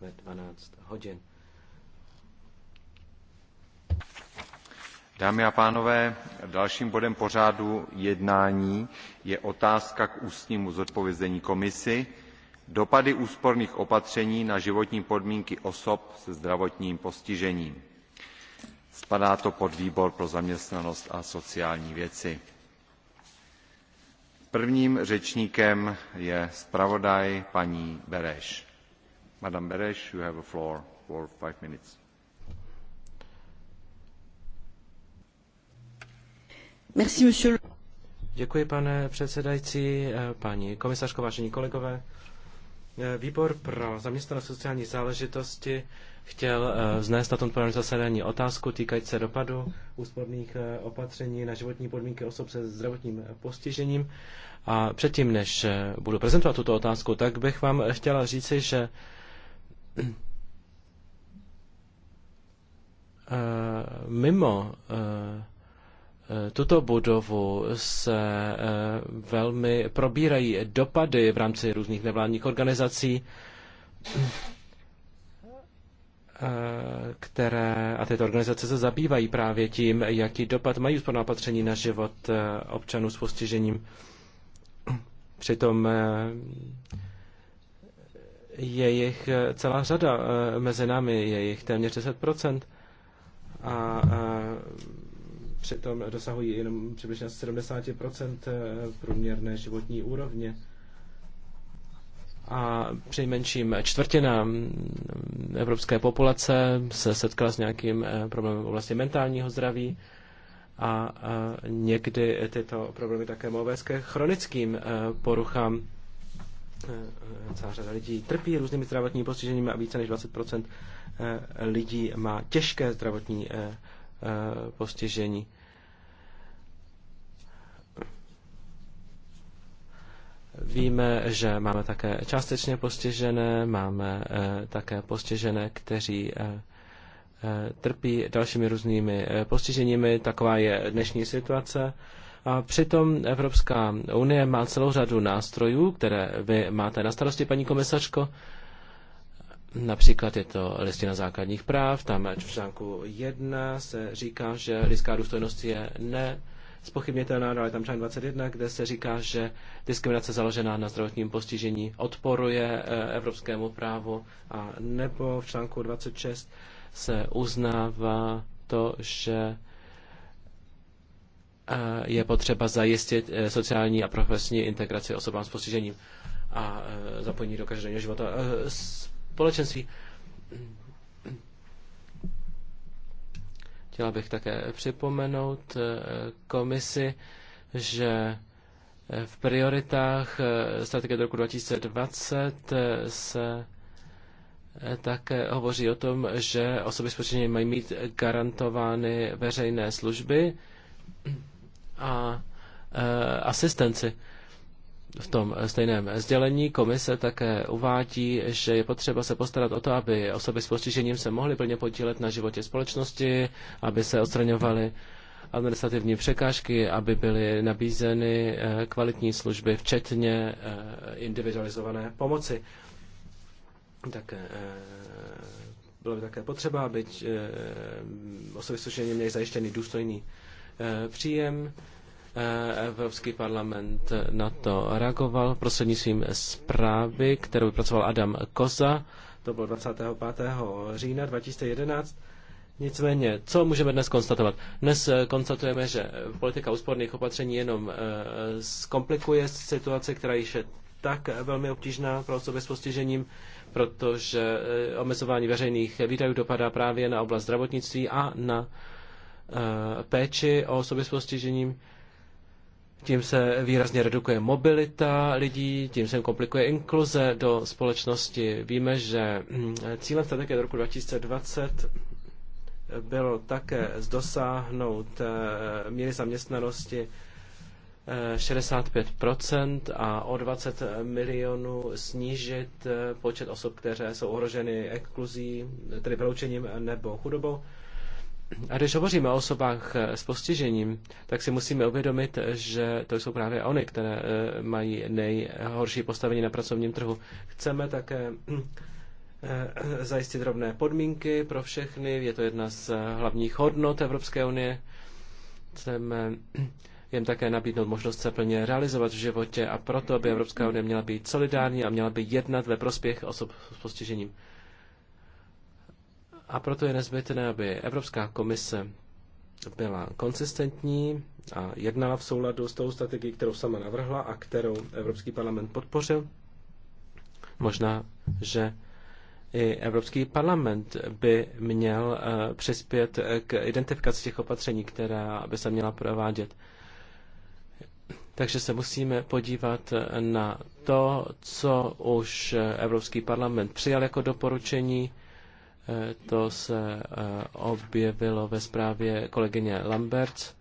ve 12 hodin. Dámy a pánové, dalším bodem pořádu jednání je otázka k ústnímu zodpovězení komisi dopady úsporných opatření na životní podmínky osob se zdravotním postižením. Spadá to pod výbor pro zaměstnanost a sociální věci. Prvním řečníkem je zpravodaj paní Bereš Děkuji, pane předsedající, eh, paní komisařko, vážení kolegové. Eh, výbor pro zaměstnanost sociální záležitosti chtěl eh, vznést na tomto zasedání otázku týkající se dopadu úsporných opatření na životní podmínky osob se zdravotním postižením. A předtím, než budu prezentovat tuto otázku, tak bych vám chtěla říci, že Eh, mimo eh, eh, tuto budovu se velmi probírají dopady v rámci různých nevládních organizací, které, a tyto organizace se zabývají právě tím, jaký dopad mají úsporná opatření na život občanů s postižením. Přitom je jich eh, celá řada eh, mezi námi, je jich téměř 10%. A, a eh, přitom dosahují jenom přibližně 70% průměrné životní úrovně. A přejmenším čtvrtina mm, evropské populace se setkala s nějakým problémem v oblasti mentálního zdraví a někdy tyto problémy také mohou vést ke chronickým poruchám Eh, celá řada lidí trpí různými zdravotními postiženími a více než 20% eh, lidí má těžké zdravotní eh, postižení. Víme, že máme také částečně postižené, máme také postižené, kteří trpí dalšími různými postiženími. Taková je dnešní situace. A přitom Evropská unie má celou řadu nástrojů, které vy máte na starosti, paní komisařko. Například je to listina základních práv, tam v článku 1 se říká, že lidská důstojnost je ne spochybnitelná, ale tam článek 21, kde se říká, že diskriminace založená na zdravotním postižení odporuje eh, evropskému právu a nebo v článku 26 se uznává to, že je potřeba zajistit eh, sociální a profesní integraci osobám s postižením a eh, zapojení do každého života eh, společenství. Chtěla bych také připomenout komisi, že v prioritách strategie do roku 2020 se také hovoří o tom, že osoby s postižením mají mít garantovány veřejné služby a e, asistenci. V tom stejném sdělení komise také uvádí, že je potřeba se postarat o to, aby osoby s postižením se mohly plně podílet na životě společnosti, aby se odstraňovaly administrativní překážky, aby byly nabízeny e, kvalitní služby, včetně e, individualizované pomoci. Tak bylo by také potřeba, aby osoby s postižením měly zajištěný důstojný Eh, příjem. Eh, Evropský parlament na to reagoval prostřednictvím zprávy, kterou vypracoval Adam Koza. To bylo 25. října 2011. Nicméně, co můžeme dnes konstatovat? Dnes eh, konstatujeme, že politika úsporných opatření jenom zkomplikuje situaci, která již je tak velmi obtížná pro osoby s postižením, protože omezování veřejných výdajů dopadá právě na oblast zdravotnictví a na Eh, péči o osoby s postižením. Tím se výrazně redukuje mobilita lidí, tím se komplikuje inkluze do společnosti. Víme, že mm, cílem strategie do roku 2020 bylo také dosáhnout eh, míry zaměstnanosti 65 eh, a o 20 milionů snížit počet osob, které jsou ohroženy exkluzí, tedy vyloučením nebo chudobou. A když hovoříme o osobách eh, s postižením, tak si musíme uvědomit, že to jsou právě oni, které eh, mají nejhorší postavení na pracovním trhu. Chceme také eh, zajistit rovné podmínky pro všechny. Je to jedna z hlavních hodnot Evropské unie. Chceme jim také nabídnout možnost se plně realizovat v životě a proto by Evropská unie měla být solidární a měla by jednat ve prospěch osob s postižením. A proto je nezbytné, aby Evropská komise byla konsistentní a jednala v souladu s tou strategií, kterou sama navrhla a kterou Evropský parlament podpořil. Možná, že i Evropský parlament by měl eh, přispět k identifikaci těch opatření, která by se měla provádět. Takže se musíme podívat eh, na to, co už eh, Evropský parlament přijal jako doporučení Eh, to se eh, objevilo ve zprávě kolegyně Lambert,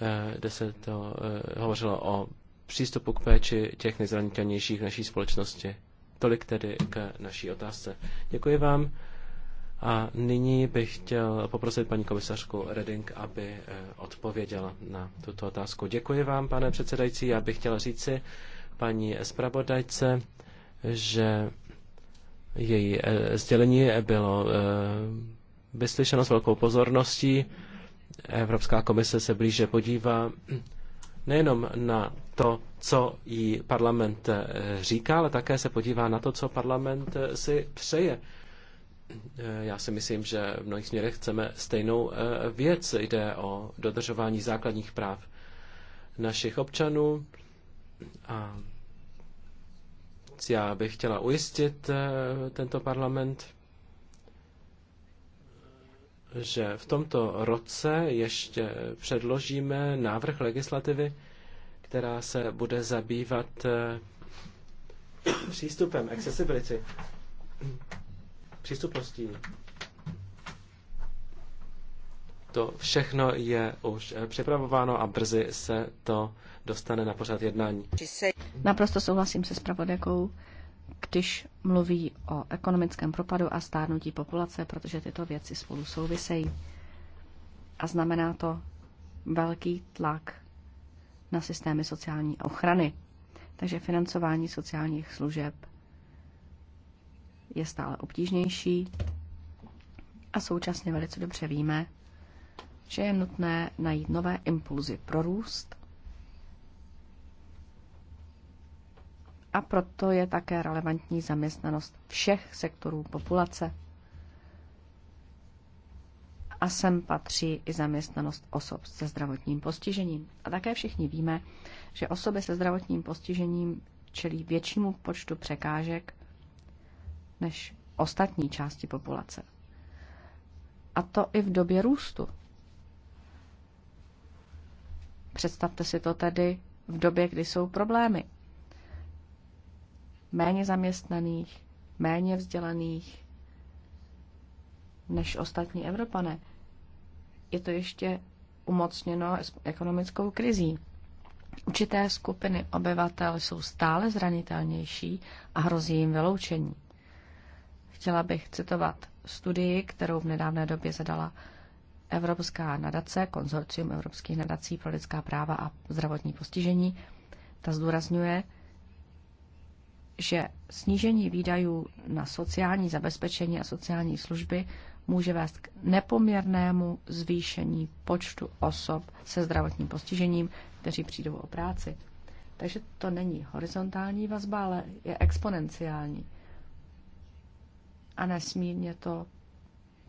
eh, kde se to hovořilo o přístupu k péči těch nejzranitelnějších v naší společnosti. Tolik tedy k naší otázce. Děkuji vám. A nyní bych chtěl poprosit paní komisařku Reding, aby odpověděla na tuto otázku. Děkuji vám, pane předsedající. Já bych chtěl říci paní zpravodajce, že její eh, sdělení bylo eh, vyslyšeno s velkou pozorností. Evropská komise se blíže podívá nejenom na to, co jí parlament eh, říká, ale také se podívá na to, co parlament si přeje. Já si myslím, že v mnohých směrech chceme stejnou věc. Jde o dodržování základních práv našich občanů a věc. Já bych chtěla ujistit eh, tento parlament, že v tomto roce ještě předložíme návrh legislativy, která se bude zabývat eh, přístupem, accessibility, přístupností. To všechno je už eh, připravováno a brzy se to dostane na pořad jednání. Naprosto souhlasím se spravodajkou, když mluví o ekonomickém propadu a stárnutí populace, protože tyto věci spolu souvisejí. A znamená to velký tlak na systémy sociální ochrany. Takže financování sociálních služeb je stále obtížnější a současně velice dobře víme, že je nutné najít nové impulzy pro růst a proto je také relevantní zaměstnanost všech sektorů populace. A sem patří i zaměstnanost osob se zdravotním postižením. A také všichni víme, že osoby se zdravotním postižením čelí většímu počtu překážek než ostatní části populace. A to i v době růstu. Představte si to tedy v době, kdy jsou problémy méně zaměstnaných, méně vzdělaných než ostatní Evropané. Je to ještě umocněno ekonomickou krizí. Určité skupiny obyvatel jsou stále zranitelnější a hrozí jim vyloučení. Chtěla bych citovat studii, kterou v nedávné době zadala Evropská nadace, konzorcium Evropských nadací pro lidská práva a zdravotní postižení. Ta zdůrazňuje, že snížení výdajů na sociální zabezpečení a sociální služby může vést k nepoměrnému zvýšení počtu osob se zdravotním postižením, kteří přijdou o práci. Takže to není horizontální vazba, ale je exponenciální. A nesmírně to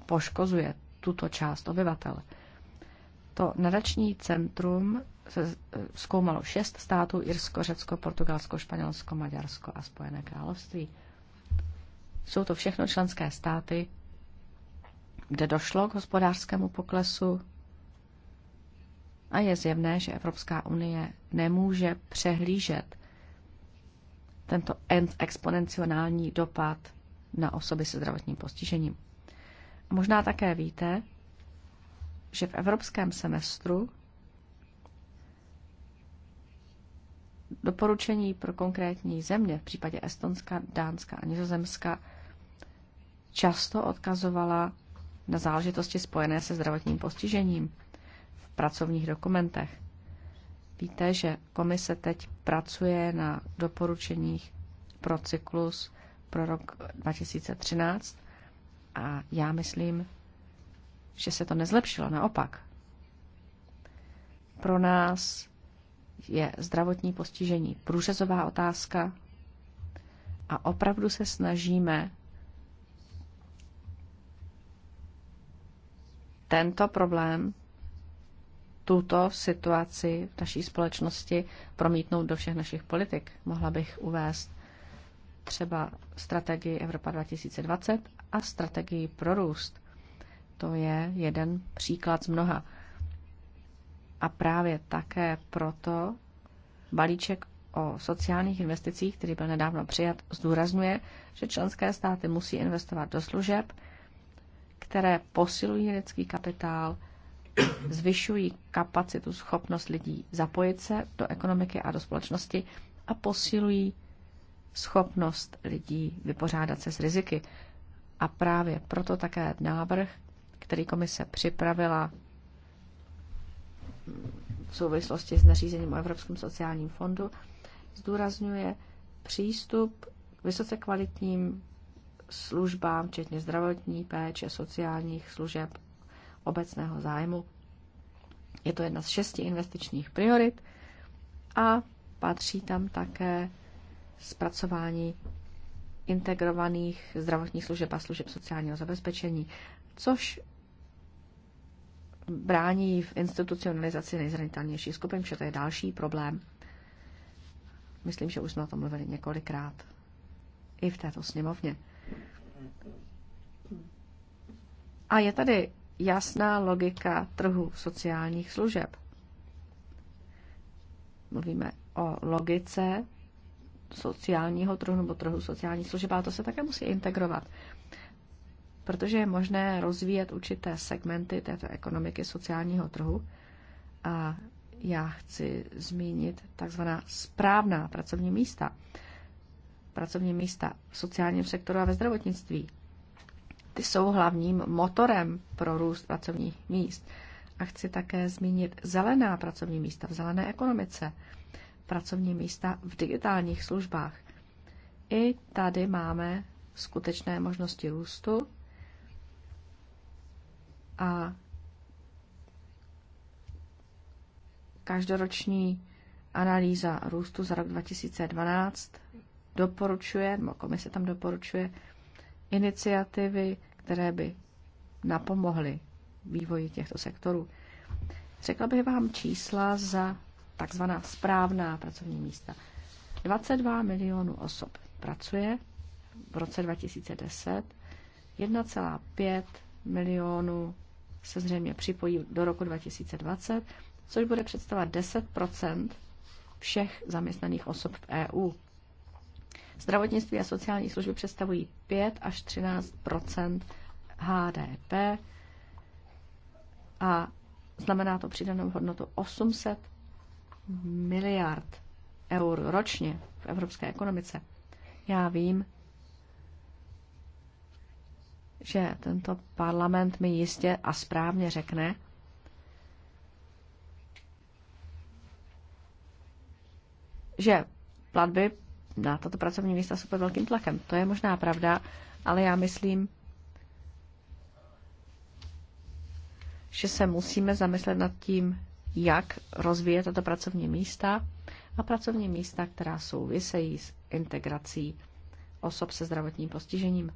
poškozuje tuto část obyvatel. To nadační centrum se eh, zkoumalo šest států, Irsko, Řecko, Portugalsko, Španělsko, Maďarsko a Spojené království. Jsou to všechno členské státy, kde došlo k hospodářskému poklesu a je zjevné, že Evropská unie nemůže přehlížet tento exponenciální dopad na osoby se zdravotním postižením. možná také víte, že v evropském semestru doporučení pro konkrétní země v případě Estonska, Dánska a Nizozemska často odkazovala na záležitosti spojené se zdravotním postižením v pracovních dokumentech. Víte, že komise teď pracuje na doporučeních pro cyklus pro rok 2013 a já myslím, že se to nezlepšilo, naopak. Pro nás je zdravotní postižení průřezová otázka a opravdu se snažíme tento problém, tuto situaci v naší společnosti promítnout do všech našich politik. Mohla bych uvést třeba strategii Evropa 2020 a strategii pro růst. To je jeden příklad z mnoha. A právě také proto balíček o sociálních investicích, který byl nedávno přijat, zdůrazňuje, že členské státy musí investovat do služeb, které posilují lidský kapitál, zvyšují kapacitu, schopnost lidí zapojit se do ekonomiky a do společnosti a posilují schopnost lidí vypořádat se s riziky. A právě proto také návrh, který komise připravila v souvislosti s nařízením o Evropském sociálním fondu zdůrazňuje přístup k vysoce kvalitním službám, včetně zdravotní péče, sociálních služeb obecného zájmu. Je to jedna z šesti investičních priorit a patří tam také zpracování integrovaných zdravotních služeb a služeb sociálního zabezpečení, což brání v institucionalizaci nejzranitelnějších skupin, protože to je další problém. Myslím, že už jsme o tom mluvili několikrát. I v této sněmovně. A je tady jasná logika trhu sociálních služeb. Mluvíme o logice sociálního trhu nebo trhu sociálních služeb, ale to se také musí integrovat protože je možné rozvíjet určité segmenty této ekonomiky sociálního trhu. A já chci zmínit takzvaná správná pracovní místa. Pracovní místa v sociálním sektoru a ve zdravotnictví. Ty jsou hlavním motorem pro růst pracovních míst. A chci také zmínit zelená pracovní místa v zelené ekonomice, pracovní místa v digitálních službách. I tady máme skutečné možnosti růstu a každoroční analýza růstu za rok 2012 doporučuje, nebo komise tam doporučuje, iniciativy, které by napomohly vývoji těchto sektorů. Řekla bych vám čísla za takzvaná správná pracovní místa. 22 milionů osob pracuje v roce 2010, 1,5 milionů se zřejmě připojí do roku 2020, což bude představovat 10 všech zaměstnaných osob v EU. Zdravotnictví a sociální služby představují 5 až 13 HDP a znamená to přidanou hodnotu 800 miliard eur ročně v evropské ekonomice. Já vím, že tento parlament mi jistě a správně řekne, že platby na tato pracovní místa jsou pod velkým tlakem. To je možná pravda, ale já myslím, že se musíme zamyslet nad tím, jak rozvíjet tato pracovní místa a pracovní místa, která souvisejí s integrací osob se zdravotním postižením.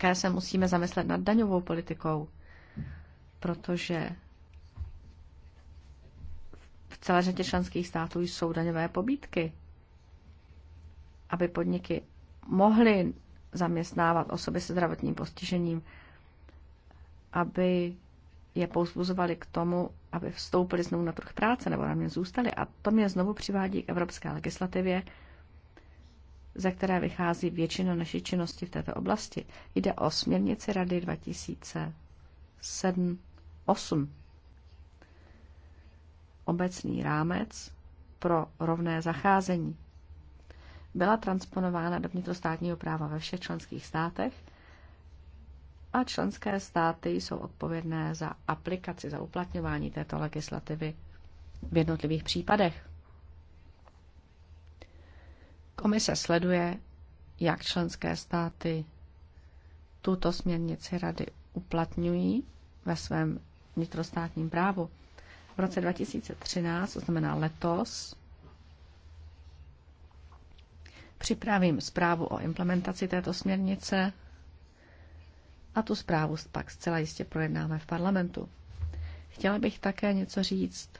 Také se musíme zamyslet nad daňovou politikou, protože v celé řadě členských států jsou daňové pobídky, aby podniky mohly zaměstnávat osoby se zdravotním postižením, aby je pouzbuzovali k tomu, aby vstoupili znovu na trh práce nebo na mě zůstali. A to mě znovu přivádí k evropské legislativě, ze které vychází většina naší činnosti v této oblasti. Jde o směrnici Rady 2007 8. Obecný rámec pro rovné zacházení. Byla transponována do vnitrostátního práva ve všech členských státech a členské státy jsou odpovědné za aplikaci, za uplatňování této legislativy v jednotlivých případech. Komise sleduje, jak členské státy tuto směrnici rady uplatňují ve svém vnitrostátním právu. V roce 2013, to znamená letos, připravím zprávu o implementaci této směrnice a tu zprávu pak zcela jistě projednáme v parlamentu. Chtěla bych také něco říct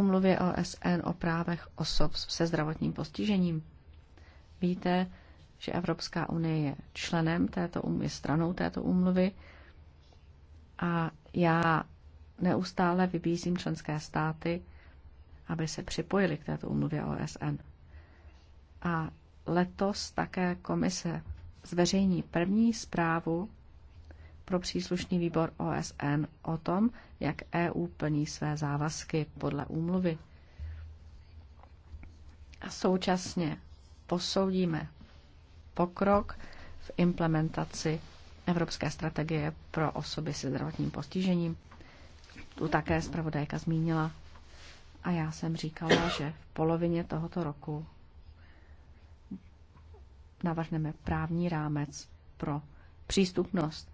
umluvě OSN o právech osob se zdravotním postižením. Víte, že Evropská unie je členem této umluvy, stranou této umluvy a já neustále vybízím členské státy, aby se připojili k této umluvě OSN. A letos také komise zveřejní první zprávu pro příslušný výbor OSN o tom, jak EU plní své závazky podle úmluvy. A současně posoudíme pokrok v implementaci Evropské strategie pro osoby se zdravotním postižením. Tu také zpravodajka zmínila. A já jsem říkala, že v polovině tohoto roku navrhneme právní rámec pro přístupnost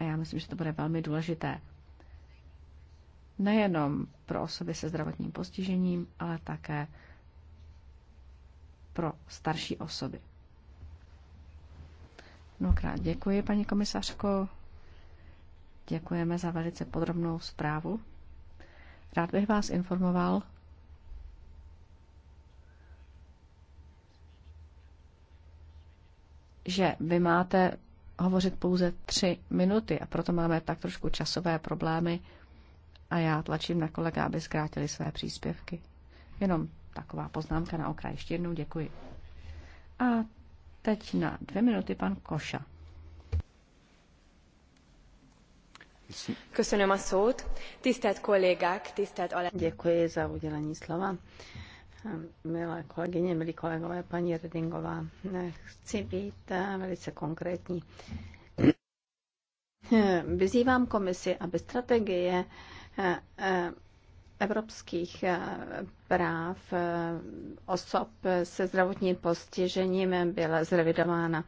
a já myslím, že to bude velmi důležité. Nejenom pro osoby se zdravotním postižením, ale také pro starší osoby. Mnohokrát děkuji, paní komisařko. Děkujeme za velice podrobnou zprávu. Rád bych vás informoval, že vy máte hovořit pouze tři minuty a proto máme tak trošku časové problémy a já tlačím na kolega, aby zkrátili své příspěvky. Jenom taková poznámka na okraj. Ještě jednou děkuji. A teď na dvě minuty pan Koša. Děkuji za udělení slova milé kolegyně, milí kolegové, paní Redingová. Chci být eh, velice konkrétní. Eh, vyzývám komisi, aby strategie eh, evropských práv osob se zdravotním postižením byla zrevidována.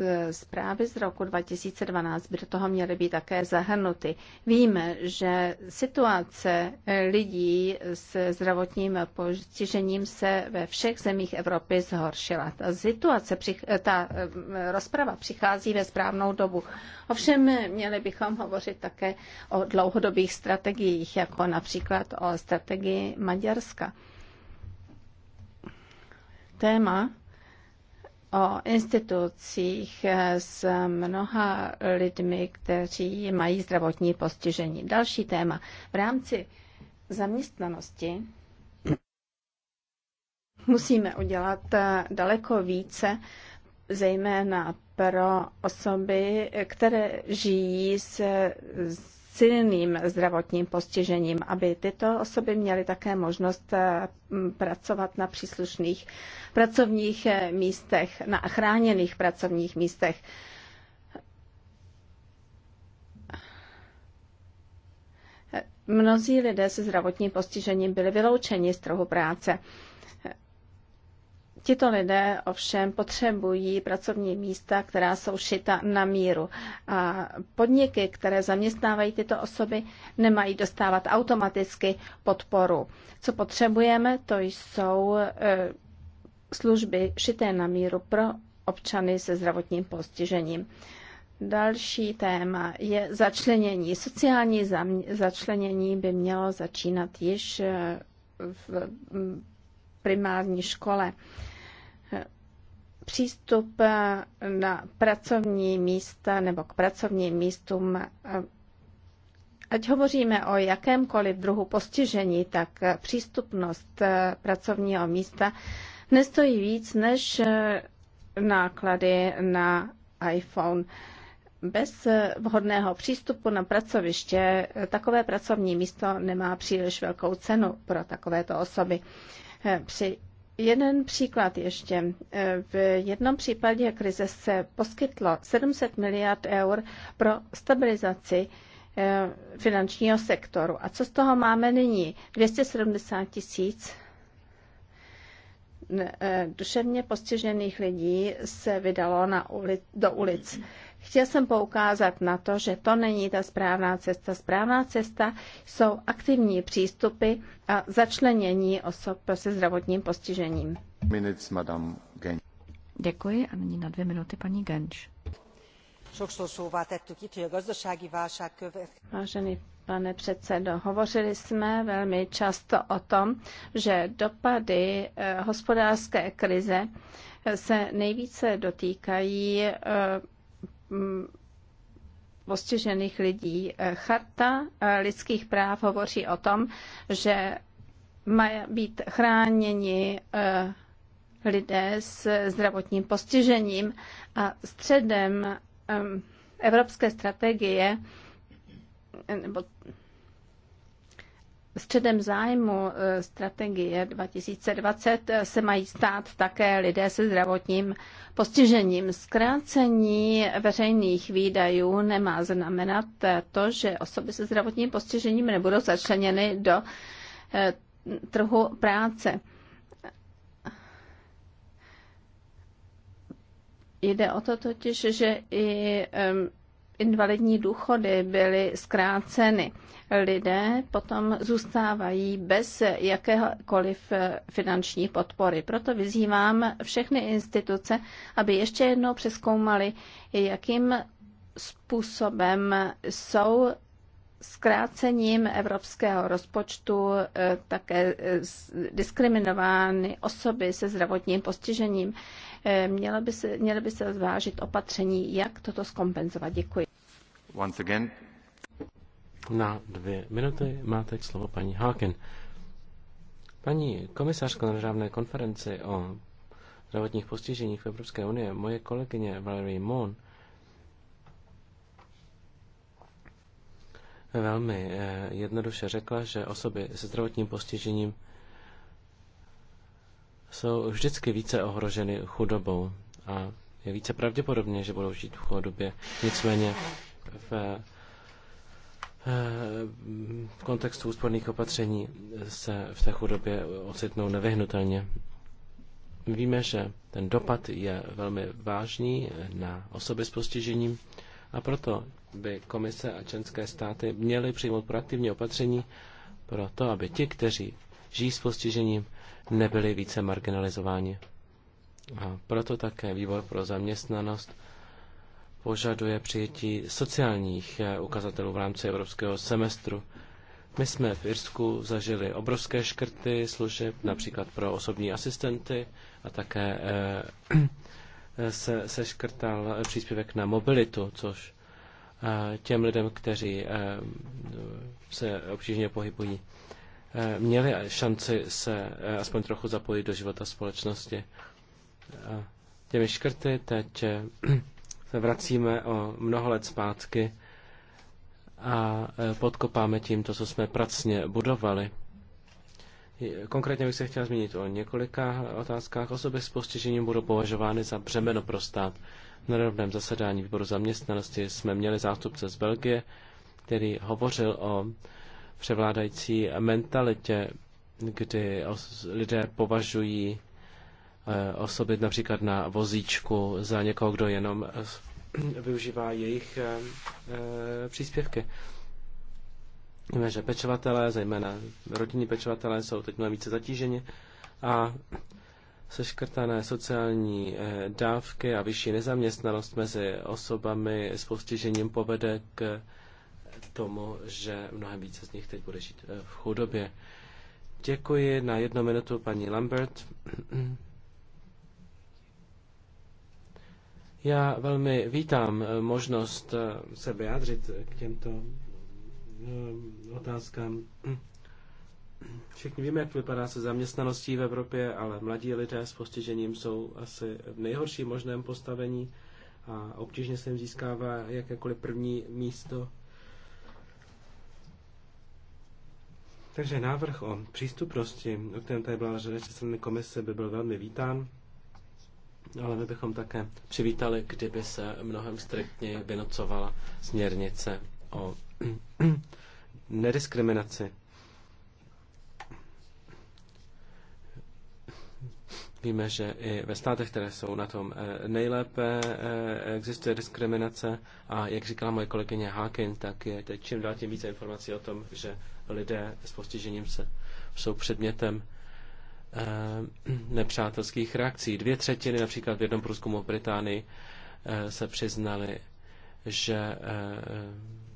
Eh, zprávy z roku 2012 by do toho měly být také zahrnuty. Víme, že situace lidí s zdravotním postižením se ve všech zemích Evropy zhoršila. Ta, situace, eh, ta eh, rozprava přichází ve správnou dobu. Ovšem měli bychom hovořit také o dlouhodobých strategiích, jako například o strategii Maďarska. Téma o institucích s mnoha lidmi, kteří mají zdravotní postižení. Další téma. V rámci zaměstnanosti musíme udělat daleko více, zejména pro osoby, které žijí s silným zdravotním postižením, aby tyto osoby měly také možnost eh, pracovat na příslušných pracovních eh, místech, na chráněných pracovních místech. Eh, mnozí lidé se zdravotním postižením byli vyloučeni z trhu práce. Tito lidé ovšem potřebují pracovní místa, která jsou šita na míru. A podniky, které zaměstnávají tyto osoby, nemají dostávat automaticky podporu. Co potřebujeme, to jsou e, služby šité na míru pro občany se zdravotním postižením. Další téma je začlenění. Sociální začlenění by mělo začínat již e, v primární škole přístup eh, na pracovní místa nebo k pracovním místům eh, Ať hovoříme o jakémkoliv druhu postižení, tak eh, přístupnost pracovního místa nestojí víc než náklady na iPhone. Bez vhodného přístupu na pracoviště takové pracovní místo nemá příliš velkou cenu pro takovéto osoby. Při Jeden příklad ještě. E, v jednom případě krize se poskytlo 700 miliard eur pro stabilizaci e, finančního sektoru. A co z toho máme nyní? 270 tisíc e, duševně postižených lidí se vydalo na uli- do ulic. Chtěl jsem poukázat na to, že to není ta správná cesta. Správná cesta jsou aktivní přístupy a začlenění osob se zdravotním postižením. Minutes, Madame Děkuji a nyní na dvě minuty paní Genč. Vážený pane předsedo, hovořili jsme velmi často o tom, že dopady eh, hospodářské krize se nejvíce dotýkají eh, postižených mm, lidí. Charta eh, lidských práv hovoří o tom, že mají být chráněni eh, lidé s zdravotním postižením a středem eh, evropské strategie nebo Středem zájmu eh, strategie 2020 eh, se mají stát také lidé se zdravotním postižením. Zkrácení veřejných výdajů nemá znamenat eh, to, že osoby se zdravotním postižením nebudou začleněny do trhu práce. Jde o to totiž, že i invalidní důchody byly zkráceny. Lidé potom zůstávají bez jakéhokoliv finanční podpory. Proto vyzývám všechny instituce, aby ještě jednou přeskoumali, jakým způsobem jsou zkrácením evropského rozpočtu eh, také diskriminovány osoby se zdravotním postižením. Eh, měly by se, měly by se zvážit opatření, jak toto zkompenzovat. Děkuji. Once again. Na dvě minuty má teď slovo paní Háken. Paní komisařko, na žádné konferenci o zdravotních postiženích v Evropské unii moje kolegyně Valerie Moon velmi eh, jednoduše řekla, že osoby se zdravotním postižením jsou vždycky více ohroženy chudobou a je více pravděpodobně, že budou žít v chudobě. Nicméně v eh, v kontextu úsporných opatření se v té chudobě ocitnou nevyhnutelně. Víme, že ten dopad je velmi vážný na osoby s postižením a proto by komise a členské státy měly přijmout proaktivní opatření pro to, aby ti, kteří žijí s postižením, nebyli více marginalizováni. A proto také výbor pro zaměstnanost požaduje přijetí sociálních eh, ukazatelů v rámci evropského semestru. My jsme v Irsku zažili obrovské škrty služeb, například pro osobní asistenty a také eh, se, se škrtal příspěvek na mobilitu, což eh, těm lidem, kteří se obtížně pohybují, měli šanci se aspoň trochu zapojit do života společnosti. Těmi škrty teď se vracíme o mnoho let zpátky a e, podkopáme tím to, co jsme pracně budovali. Konkrétně bych se chtěl zmínit o několika otázkách. Osoby s postižením budou považovány za břemeno pro stát. Na rovném zasedání výboru zaměstnanosti jsme měli zástupce z Belgie, který hovořil o převládající mentalitě, kdy lidé považují Eh, osoby například na vozíčku za někoho, kdo jenom eh, využívá jejich eh, příspěvky. Víme, že pečovatelé, zejména rodinní pečovatelé, jsou teď mnohem více zatíženi a seškrtané sociální dávky a vyšší nezaměstnanost mezi osobami s postižením povede k tomu, že mnohem více z nich teď bude žít v chudobě. Děkuji na jednu minutu paní Lambert. Já velmi vítám eh, možnost eh, se vyjádřit k těmto eh, otázkám. Všichni víme, jak vypadá se zaměstnaností v Evropě, ale mladí lidé s postižením jsou asi v nejhorším možném postavení a obtížně se jim získává jakékoliv první místo. Takže návrh o přístupnosti, o kterém tady byla řeč ze strany komise, by byl velmi vítán ale my bychom také přivítali, kdyby se mnohem striktně vynocovala směrnice o nediskriminaci. Víme, že i ve státech, které jsou na tom eh, nejlépe, eh, existuje diskriminace a jak říkala moje kolegyně Hákin, tak je teď čím dál tím více informací o tom, že lidé s postižením se jsou předmětem Eh, nepřátelských reakcí. Dvě třetiny například v jednom průzkumu v Británii eh, se přiznali, že eh,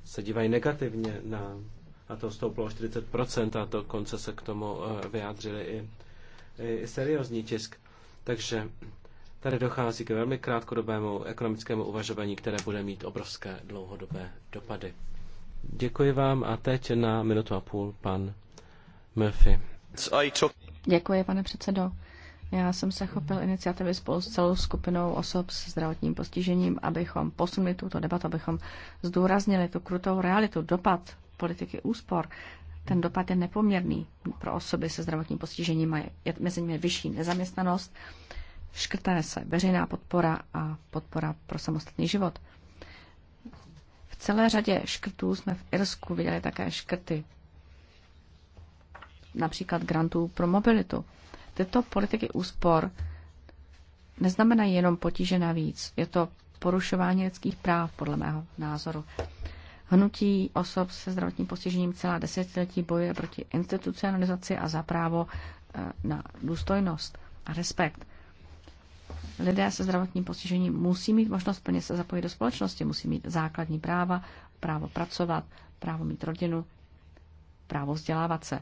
se dívají negativně na, a to stouplo o 40% a to konce se k tomu vyjádřili i, i seriózní tisk. Takže tady dochází k velmi krátkodobému ekonomickému uvažování, které bude mít obrovské dlouhodobé dopady. Děkuji vám a teď na minutu a půl pan Murphy. Děkuji, pane předsedo. Já jsem se chopil iniciativy spolu s celou skupinou osob s zdravotním postižením, abychom posunuli tuto debatu, abychom zdůraznili tu krutou realitu, dopad politiky úspor. Ten dopad je nepoměrný pro osoby se zdravotním postižením a je mezi nimi vyšší nezaměstnanost, škrtá se veřejná podpora a podpora pro samostatný život. V celé řadě škrtů jsme v Irsku viděli také škrty například grantů pro mobilitu. Tyto politiky úspor neznamenají jenom potíže navíc. Je to porušování lidských práv, podle mého názoru. Hnutí osob se zdravotním postižením celá desetiletí boje proti institucionalizaci a za právo eh, na důstojnost a respekt. Lidé se zdravotním postižením musí mít možnost plně se zapojit do společnosti, musí mít základní práva, právo pracovat, právo mít rodinu, právo vzdělávat se.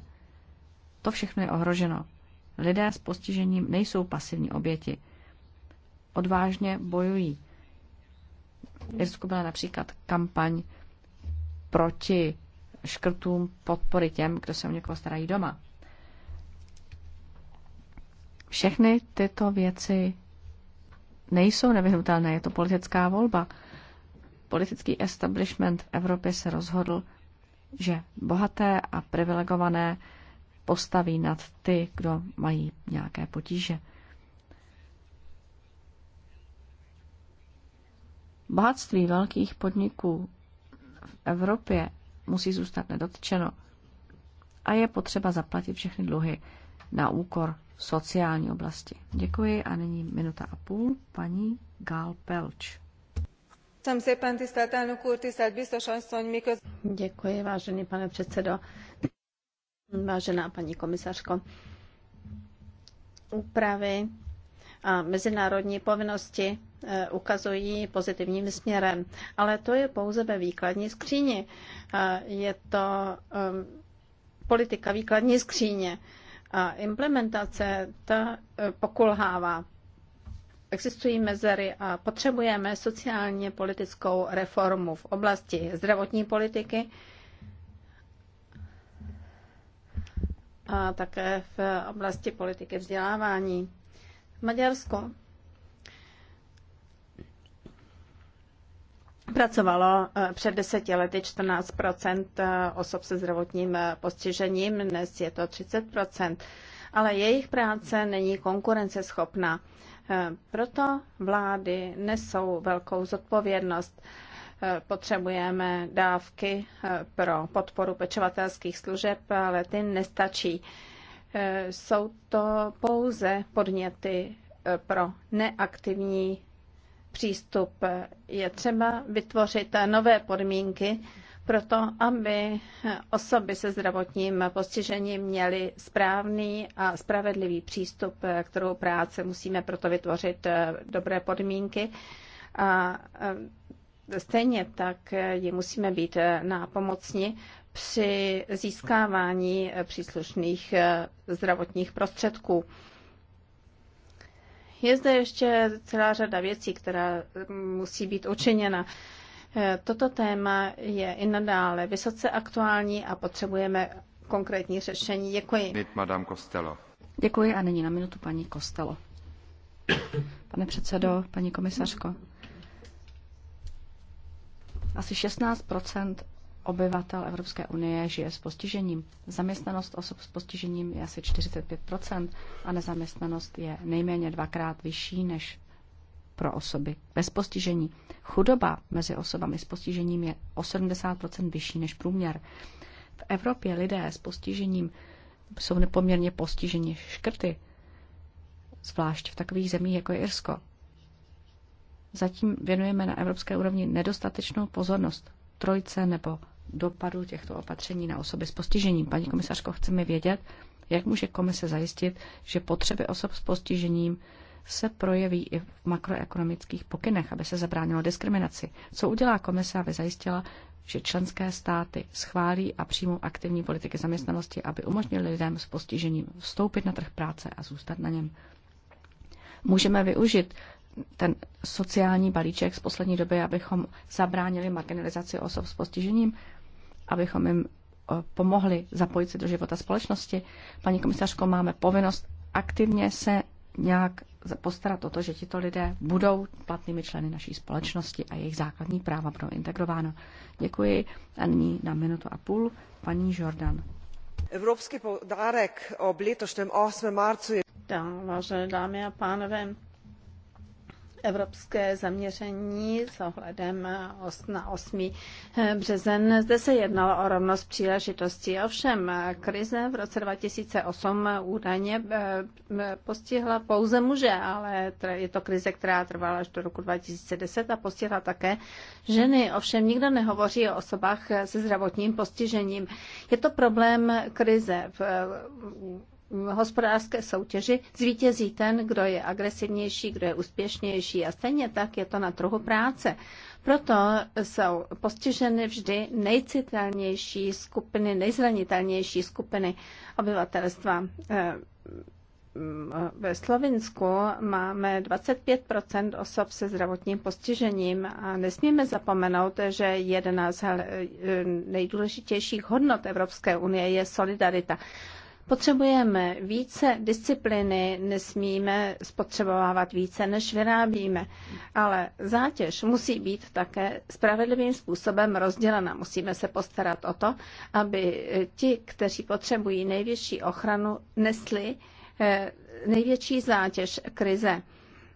To všechno je ohroženo. Lidé s postižením nejsou pasivní oběti. Odvážně bojují. V Irsku byla například kampaň proti škrtům podpory těm, kdo se o někoho starají doma. Všechny tyto věci nejsou nevyhnutelné, je to politická volba. Politický establishment v Evropě se rozhodl, že bohaté a privilegované postaví nad ty, kdo mají nějaké potíže. Bohatství velkých podniků v Evropě musí zůstat nedotčeno a je potřeba zaplatit všechny dluhy na úkor sociální oblasti. Děkuji a nyní minuta a půl paní Gál Pelč. Děkuji, vážený pane předsedo. Vážená paní komisařko, úpravy a mezinárodní povinnosti eh, ukazují pozitivním směrem, ale to je pouze ve výkladní skříni. Eh, je to eh, politika výkladní skříně a implementace ta pokulhává. Existují mezery a potřebujeme sociálně politickou reformu v oblasti zdravotní politiky, a také v oblasti politiky vzdělávání. Maďarsko Pracovalo eh, před deseti lety 14 eh, osob se zdravotním eh, postižením, dnes je to 30 ale jejich práce není konkurenceschopná. Proto vlády nesou velkou zodpovědnost. Potřebujeme dávky eh, pro podporu pečovatelských služeb, ale ty nestačí. Eh, jsou to pouze podněty eh, pro neaktivní přístup. Je třeba vytvořit nové podmínky pro to, aby osoby se zdravotním postižením měly správný a spravedlivý přístup k práce. Musíme proto vytvořit dobré podmínky a Stejně tak je musíme být eh, nápomocni při získávání eh, příslušných eh, zdravotních prostředků. Je zde ještě celá řada věcí, která musí být učiněna. Toto téma je i nadále vysoce aktuální a potřebujeme konkrétní řešení. Děkuji. Madame Costello. Děkuji a nyní na minutu paní Kostelo. Pane předsedo, paní komisařko, asi 16 obyvatel Evropské unie žije s postižením. Zaměstnanost osob s postižením je asi 45 a nezaměstnanost je nejméně dvakrát vyšší než pro osoby bez postižení. Chudoba mezi osobami s postižením je o 70 vyšší než průměr. V Evropě lidé s postižením jsou nepoměrně postiženi škrty, zvlášť v takových zemích jako je Irsko zatím věnujeme na evropské úrovni nedostatečnou pozornost trojce nebo dopadu těchto opatření na osoby s postižením. Paní komisařko, chceme vědět, jak může komise zajistit, že potřeby osob s postižením se projeví i v makroekonomických pokynech, aby se zabránilo diskriminaci. Co udělá komise, aby zajistila, že členské státy schválí a přijmou aktivní politiky zaměstnanosti, aby umožnili lidem s postižením vstoupit na trh práce a zůstat na něm? Můžeme využít ten sociální balíček z poslední doby, abychom zabránili marginalizaci osob s postižením, abychom jim eh, pomohli zapojit se do života společnosti. Paní komisařko, máme povinnost aktivně se nějak postarat o to, že tito lidé budou platnými členy naší společnosti a jejich základní práva budou integrováno. Děkuji a nyní na minutu a půl paní Jordan. Evropský podárek o letošním 8. marcu je... Da, vážené dámy a pánové, evropské zaměření s ohledem na 8. Eh, březen. Zde se jednalo o rovnost příležitostí. Ovšem krize v roce 2008 eh, údajně eh, postihla pouze muže, ale je to krize, která trvala až do roku 2010 a postihla také ženy. Ovšem nikdo nehovoří o osobách se zdravotním postižením. Je to problém krize. V hospodářské soutěži zvítězí ten, kdo je agresivnější, kdo je úspěšnější a stejně tak je to na trhu práce. Proto jsou postiženy vždy nejcitelnější skupiny, nejzranitelnější skupiny obyvatelstva. Eh, mm, ve Slovinsku máme 25 osob se zdravotním postižením a nesmíme zapomenout, že jedna z eh, nejdůležitějších hodnot Evropské unie je solidarita. Potřebujeme více disciplíny, nesmíme spotřebovávat více, než vyrábíme, ale zátěž musí být také spravedlivým způsobem rozdělena. Musíme se postarat o to, aby ti, kteří potřebují největší ochranu, nesli eh, největší zátěž krize.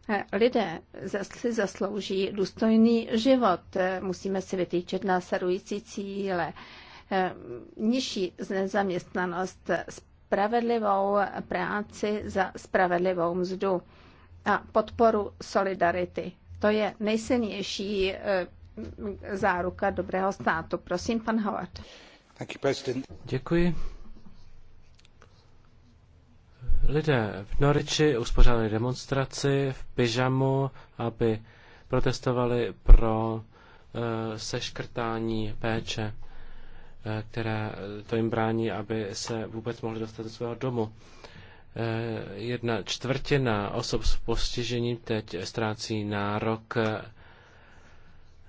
Eh, lidé si zaslouží důstojný život. Eh, musíme si vytýčet následující cíle. Nižší nezaměstnanost, spravedlivou práci za spravedlivou mzdu a podporu solidarity. To je nejsilnější eh, záruka dobrého státu. Prosím, pan Howard. Děkuji. Lidé v Noriči uspořádali demonstraci v pyžamu, aby protestovali pro e, seškrtání péče které to jim brání, aby se vůbec mohli dostat do svého domu. Eh, jedna čtvrtina osob s postižením teď ztrácí nárok eh,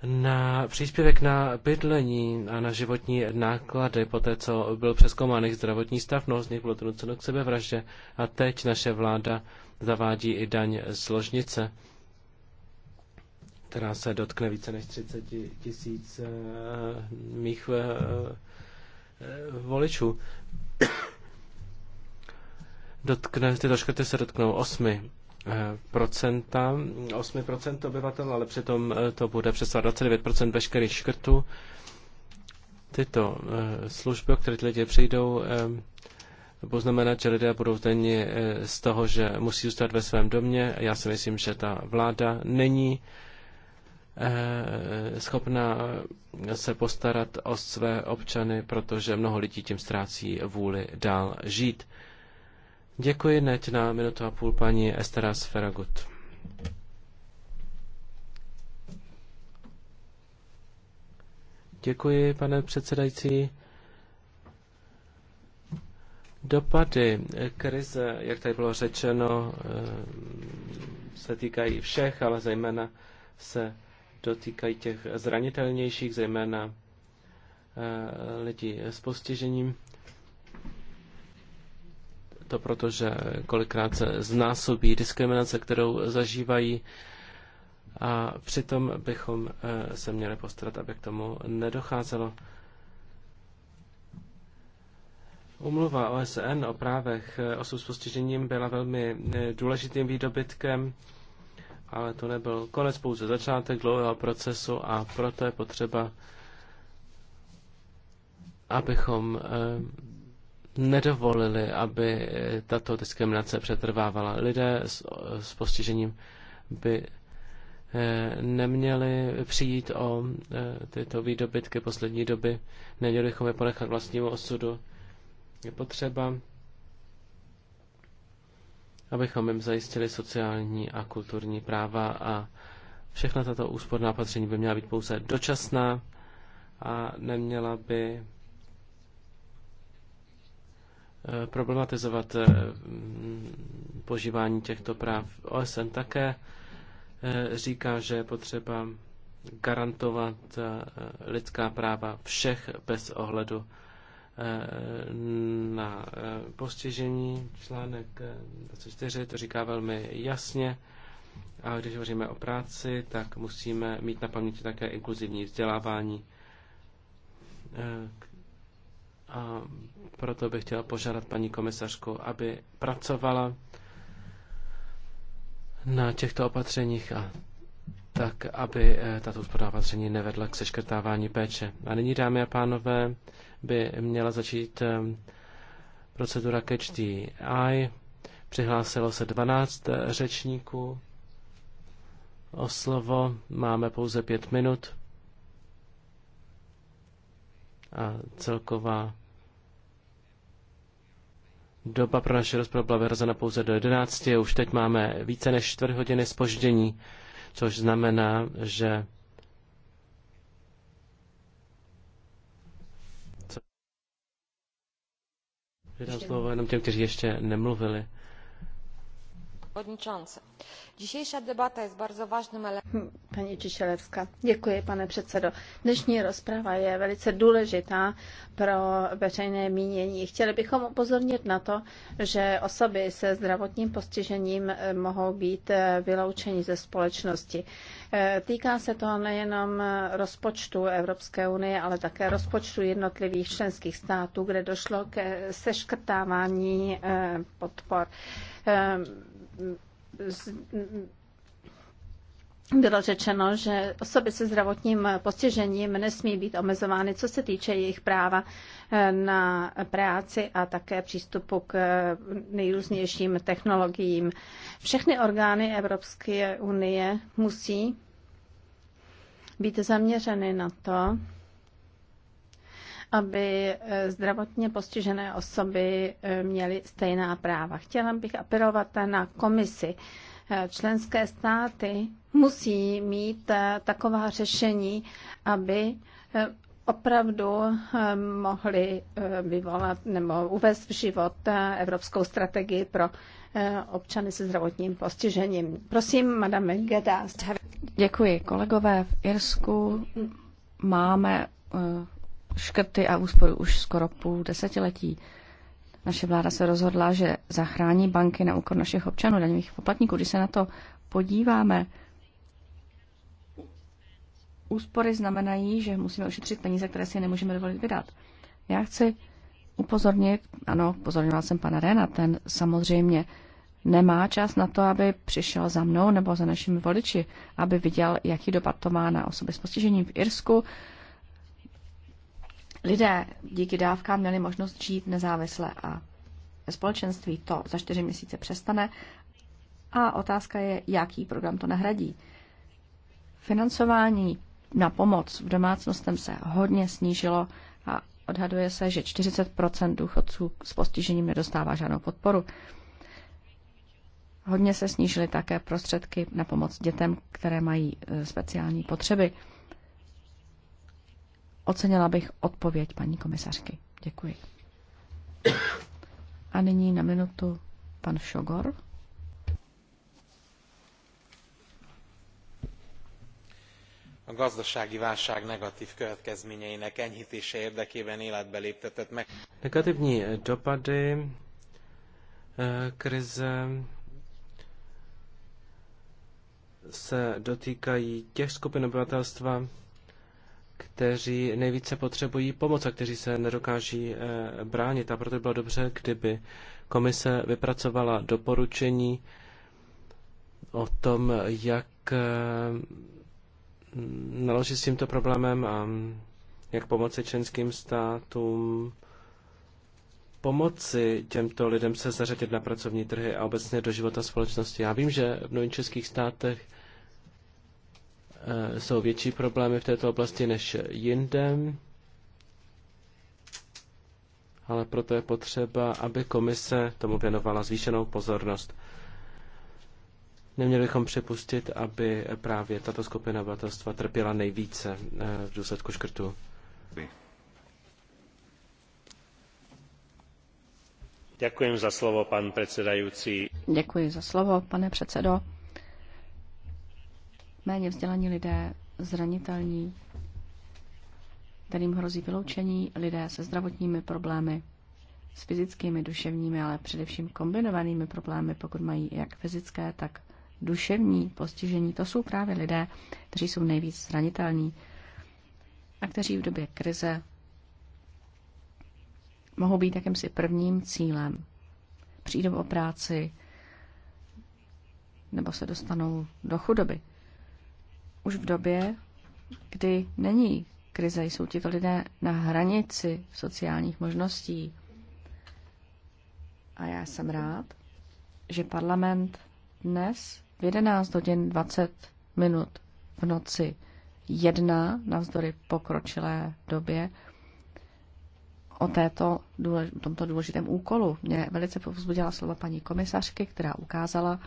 na příspěvek na bydlení a na životní náklady, po té, co byl přeskoumány zdravotní stav, mnoho z nich bylo donuceno k sebevraždě a teď naše vláda zavádí i daň z ložnice která se dotkne více než 30 tisíc eh, mých eh, eh, voličů. Dotkne, tyto škrty se dotknou 8 procenta, 8% procent obyvatel, ale přitom to bude přes 29% procent veškerých škrtů. Tyto služby, o které lidé přijdou, budou znamenat, že lidé budou denně z toho, že musí zůstat ve svém domě. Já si myslím, že ta vláda není Eh, schopna se postarat o své občany, protože mnoho lidí tím ztrácí vůli dál žít. Děkuji neď na minutu a půl paní Estera Sferagut. Děkuji, pane předsedající. Dopady krize, jak tady bylo řečeno, eh, se týkají všech, ale zejména se dotýkají těch zranitelnějších, zejména eh, lidí s postižením. To protože kolikrát se znásobí diskriminace, kterou zažívají. A přitom bychom eh, se měli postarat, aby k tomu nedocházelo. Umluva OSN o právech eh, osob s postižením byla velmi důležitým výdobytkem ale to nebyl konec, pouze začátek dlouhého procesu a proto je potřeba, abychom eh, nedovolili, aby eh, tato diskriminace přetrvávala. Lidé s, s postižením by eh, neměli přijít o tyto výdobytky poslední doby, neměli bychom je ponechat vlastnímu osudu. Je potřeba abychom jim zajistili sociální a kulturní práva a všechna tato úsporná opatření by měla být pouze dočasná a neměla by eh, problematizovat eh, požívání těchto práv. OSN také eh, říká, že je potřeba garantovat lidská práva všech bez ohledu na eh, postižení. Článek 24 eh, to říká velmi jasně. A když hovoříme o práci, tak musíme mít na paměti také inkluzivní vzdělávání. Eh, a proto bych chtěla požádat paní komisařku, aby pracovala na těchto opatřeních a tak aby eh, tato úsporná opatření nevedla k seškrtávání péče. A nyní, dámy a pánové, by měla začít eh, procedura Catch the Eye. Přihlásilo se 12 eh, řečníků. O slovo máme pouze pět minut. A celková doba pro naše rozpravu byla vyrazena pouze do 11. Už teď máme více než čtvrt hodiny spoždění což znamená, že Vydám slovo jenom těm, kteří ještě nemluvili debata hm, paní pane Dnešní rozprava je velice důležitá pro veřejné mínění. Chtěli bychom upozornit na to, že osoby se zdravotním postižením eh, mohou být eh, vyloučeny ze společnosti. Eh, týká se to nejenom rozpočtu Evropské unie, ale také rozpočtu jednotlivých členských států, kde došlo ke seškrtávání podpor bylo řečeno, že osoby se zdravotním postižením nesmí být omezovány, co se týče jejich práva eh, na práci a také přístupu k eh, nejrůznějším technologiím. Všechny orgány Evropské unie musí být zaměřeny na to, aby eh, zdravotně postižené osoby eh, měly stejná práva. Chtěla bych apelovat na komisi. Eh, členské státy musí mít taková řešení, aby opravdu mohli vyvolat nebo uvést v život evropskou strategii pro občany se zdravotním postižením. Prosím, madame Gedast. Děkuji, kolegové. V Irsku máme škrty a úspory už skoro půl desetiletí. Naše vláda se rozhodla, že zachrání banky na úkor našich občanů, daňových poplatníků. Když se na to podíváme, úspory znamenají, že musíme ušetřit peníze, které si nemůžeme dovolit vydat. Já chci upozornit, ano, upozorňoval jsem pana Rena, ten samozřejmě nemá čas na to, aby přišel za mnou nebo za našimi voliči, aby viděl, jaký dopad to má na osoby s postižením v Irsku lidé díky dávkám měli možnost žít nezávisle a společenství to za čtyři měsíce přestane a otázka je, jaký program to nahradí. Financování na pomoc v domácnostem se hodně snížilo a odhaduje se, že 40 důchodců s postižením nedostává žádnou podporu. Hodně se snížily také prostředky na pomoc dětem, které mají e, speciální potřeby. Ocenila bych odpověď paní komisařky. Děkuji. A nyní na minutu pan Šogor. a gazdasági válság negatv következményeinek enyhtése érdekében életbe léptetett meg. Negativní dopady eh, krize se dotýkají těch skupin obyvatelstva, kteří nejvíce potřebují pomoc a kteří se nedokáží eh, bránit. A proto by bylo dobře, kdyby komise vypracovala doporučení o tom, jak eh, naložit s tímto problémem a jak pomoci členským státům pomoci těmto lidem se zařadit na pracovní trhy a obecně do života společnosti. Já vím, že v mnohých českých státech Eh, jsou větší problémy v této oblasti než jinde, ale proto je potřeba, aby komise tomu věnovala zvýšenou pozornost. Neměli bychom připustit, aby právě tato skupina obyvatelstva trpěla nejvíce eh, v důsledku škrtu. Děkuji za slovo, pan předsedající. Děkuji za slovo, pane předsedo méně vzdělaní lidé, zranitelní, kterým hrozí vyloučení, lidé se zdravotními problémy, s fyzickými, duševními, ale především kombinovanými problémy, pokud mají jak fyzické, tak duševní postižení. To jsou právě lidé, kteří jsou nejvíc zranitelní a kteří v době krize mohou být jakýmsi prvním cílem. Přijdou o práci nebo se dostanou do chudoby už v době, kdy není krize, jsou ti lidé na hranici sociálních možností. A já jsem rád, že parlament dnes v 11 hodin 20 minut v noci jedná, navzdory pokročilé době, o této, tomto důležitém úkolu. Mě velice povzbudila slova paní komisařky, která ukázala,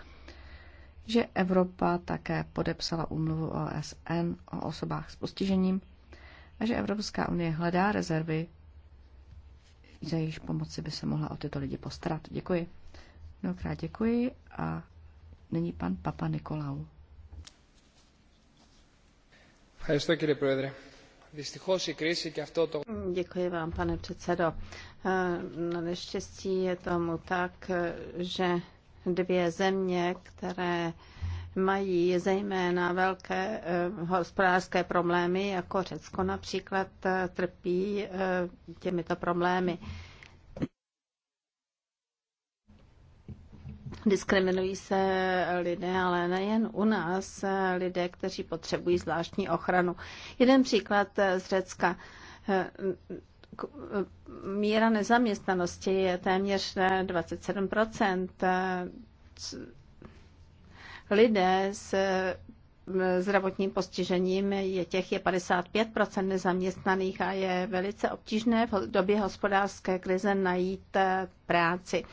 že Evropa také podepsala úmluvu OSN o osobách s postižením a že Evropská unie hledá rezervy, za jejíž pomoci by se mohla o tyto lidi postarat. Děkuji. Mnohokrát děkuji a nyní pan Papa Nikolau. Děkuji vám, pane předsedo. Na neštěstí je tomu tak, že dvě země, které mají zejména velké eh, hospodářské problémy, jako Řecko například, eh, trpí eh, těmito problémy. Diskriminují se lidé, ale nejen u nás, lidé, kteří potřebují zvláštní ochranu. Jeden příklad z Řecka míra nezaměstnanosti je téměř 27 eh, eh, Lidé s eh, zdravotním postižením je těch je 55 nezaměstnaných a je velice obtížné v době hospodářské krize najít práci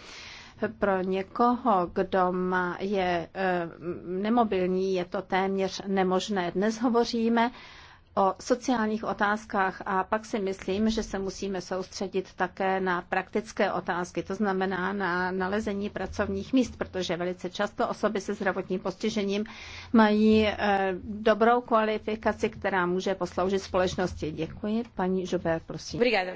pro někoho, kdo má, je nemobilní, je to téměř nemožné. Dnes hovoříme o sociálních otázkách a pak si myslím, že se musíme soustředit také na praktické otázky, to znamená na nalezení pracovních míst, protože velice často osoby se zdravotním postižením mají eh, dobrou kvalifikaci, která může posloužit společnosti. Děkuji. Paní Žuber, prosím. Obrigada.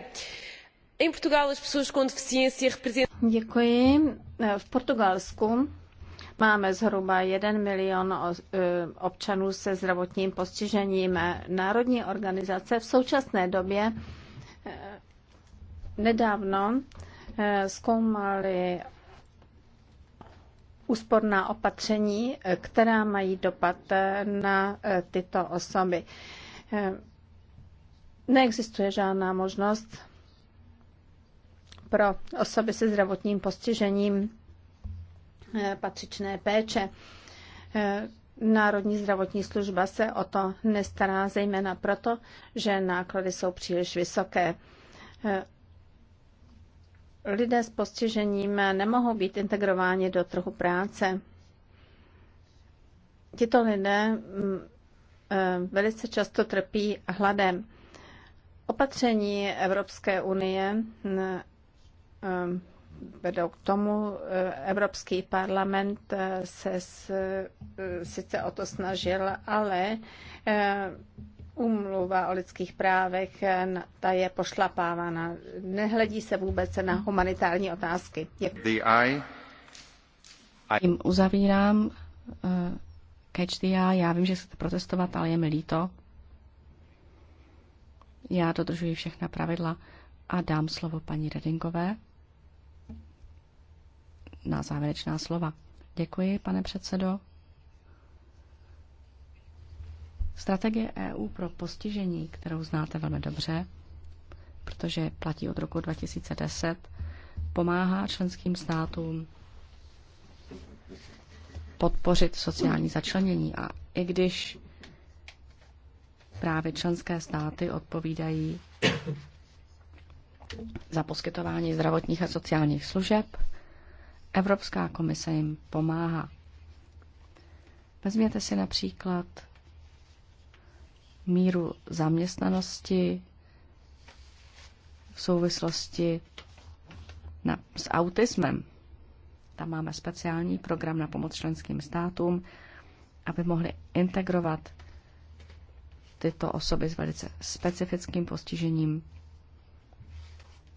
Em Portugal as pessoas com deficiência representam... Děkuji. Eh, v Portugalsku Máme zhruba 1 milion e, občanů se zdravotním postižením. Národní organizace v současné době e, nedávno e, zkoumaly úsporná opatření, která mají dopad na tyto osoby. Neexistuje žádná možnost pro osoby se zdravotním postižením Eh, patřičné péče. Eh, Národní zdravotní služba se o to nestará, zejména proto, že náklady jsou příliš vysoké. Eh, lidé s postižením nemohou být integrováni do trhu práce. Tito lidé mm, velice často trpí hladem. Opatření Evropské unie mm, vedou k tomu. Eh, Evropský parlament eh, se s, eh, sice o to snažil, ale umluva o lidských právech, ta je pošlapávána. Nehledí se vůbec na humanitární otázky. Děkuji. Tím uzavírám Catch the Eye. Já vím, že chcete protestovat, ale je mi líto. Já dodržuji všechna pravidla a dám slovo paní Redinkové na závěrečná slova. Děkuji, pane předsedo. Strategie EU pro postižení, kterou znáte velmi dobře, protože platí od roku 2010, pomáhá členským státům podpořit sociální začlenění. A i když právě členské státy odpovídají za poskytování zdravotních a sociálních služeb, Evropská komise jim pomáhá. Vezměte si například míru zaměstnanosti v souvislosti na, s autismem. Tam máme speciální program na pomoc členským státům, aby mohli integrovat tyto osoby s velice specifickým postižením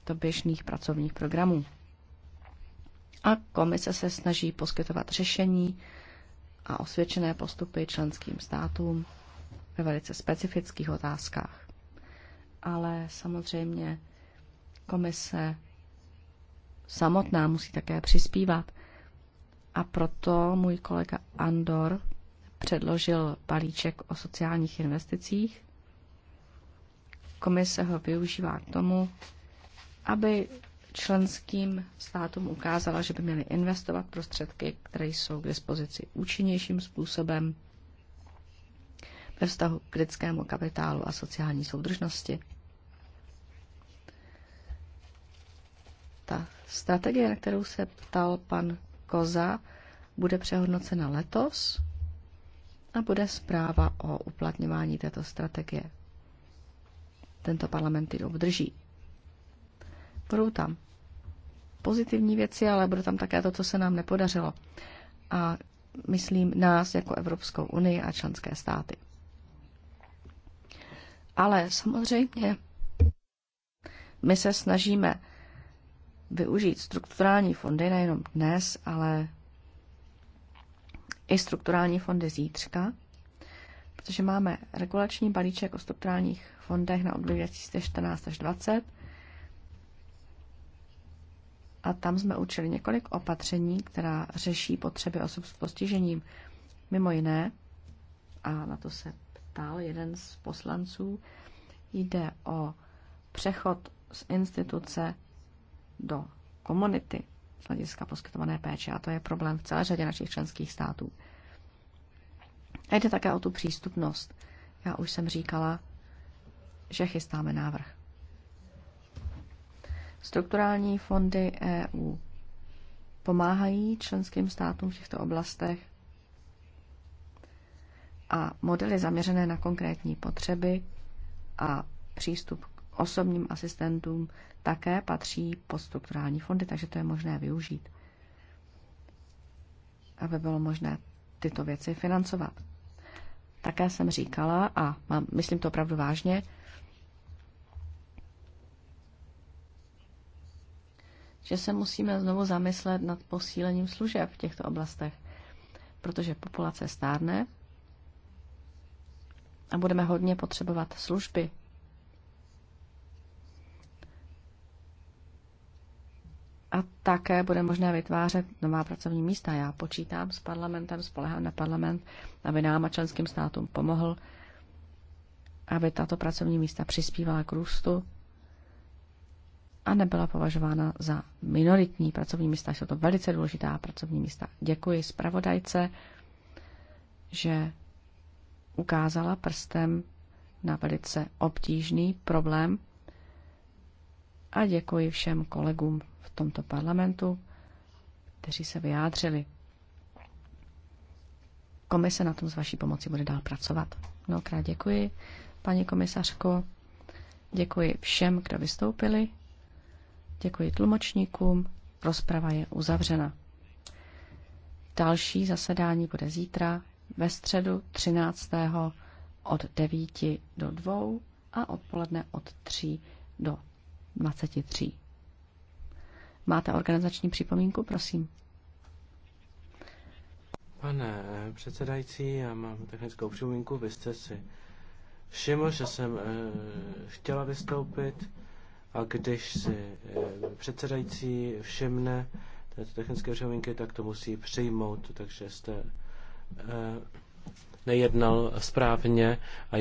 do běžných pracovních programů a komise se snaží poskytovat řešení a osvědčené postupy členským státům ve velice specifických otázkách. Ale samozřejmě komise samotná musí také přispívat. A proto můj kolega Andor předložil balíček o sociálních investicích. Komise ho využívá k tomu, aby členským státům ukázala, že by měly investovat prostředky, které jsou k dispozici účinnějším způsobem ve vztahu k lidskému kapitálu a sociální soudržnosti. Ta strategie, na kterou se ptal pan Koza, bude přehodnocena letos a bude zpráva o uplatňování této strategie. Tento parlament ji obdrží. Budou tam pozitivní věci, ale bude tam také to, co se nám nepodařilo. A myslím nás jako Evropskou unii a členské státy. Ale samozřejmě my se snažíme využít strukturální fondy nejenom dnes, ale i strukturální fondy zítřka, protože máme regulační balíček o strukturálních fondech na období 2014 až 2020 a tam jsme učili několik opatření, která řeší potřeby osob s postižením. Mimo jiné, a na to se ptal jeden z poslanců, jde o přechod z instituce do komunity z hlediska poskytované péče a to je problém v celé řadě našich členských států. A jde také o tu přístupnost. Já už jsem říkala, že chystáme návrh. Strukturální fondy EU pomáhají členským státům v těchto oblastech a modely zaměřené na konkrétní potřeby a přístup k osobním asistentům také patří pod strukturální fondy, takže to je možné využít, aby bylo možné tyto věci financovat. Také jsem říkala, a mám, myslím to opravdu vážně, že se musíme znovu zamyslet nad posílením služeb v těchto oblastech, protože populace stárne a budeme hodně potřebovat služby. A také bude možné vytvářet nová pracovní místa. Já počítám s parlamentem, spolehám na parlament, aby nám a členským státům pomohl, aby tato pracovní místa přispívala k růstu a nebyla považována za minoritní pracovní místa. Jsou to velice důležitá pracovní místa. Děkuji zpravodajce, že ukázala prstem na velice obtížný problém a děkuji všem kolegům v tomto parlamentu, kteří se vyjádřili. Komise na tom s vaší pomocí bude dál pracovat. Mnohokrát děkuji, paní komisařko. Děkuji všem, kdo vystoupili. Děkuji tlumočníkům. Rozprava je uzavřena. Další zasedání bude zítra ve středu 13. od 9 do 2 a odpoledne od 3 do 23. Máte organizační připomínku, prosím? Pane eh, předsedající, já mám technickou připomínku. Vy jste si všiml, že jsem e, chtěla vystoupit. A když si eh, předsedající všimne této technické připomínky, tak to musí přijmout, takže jste eh, nejednal správně. A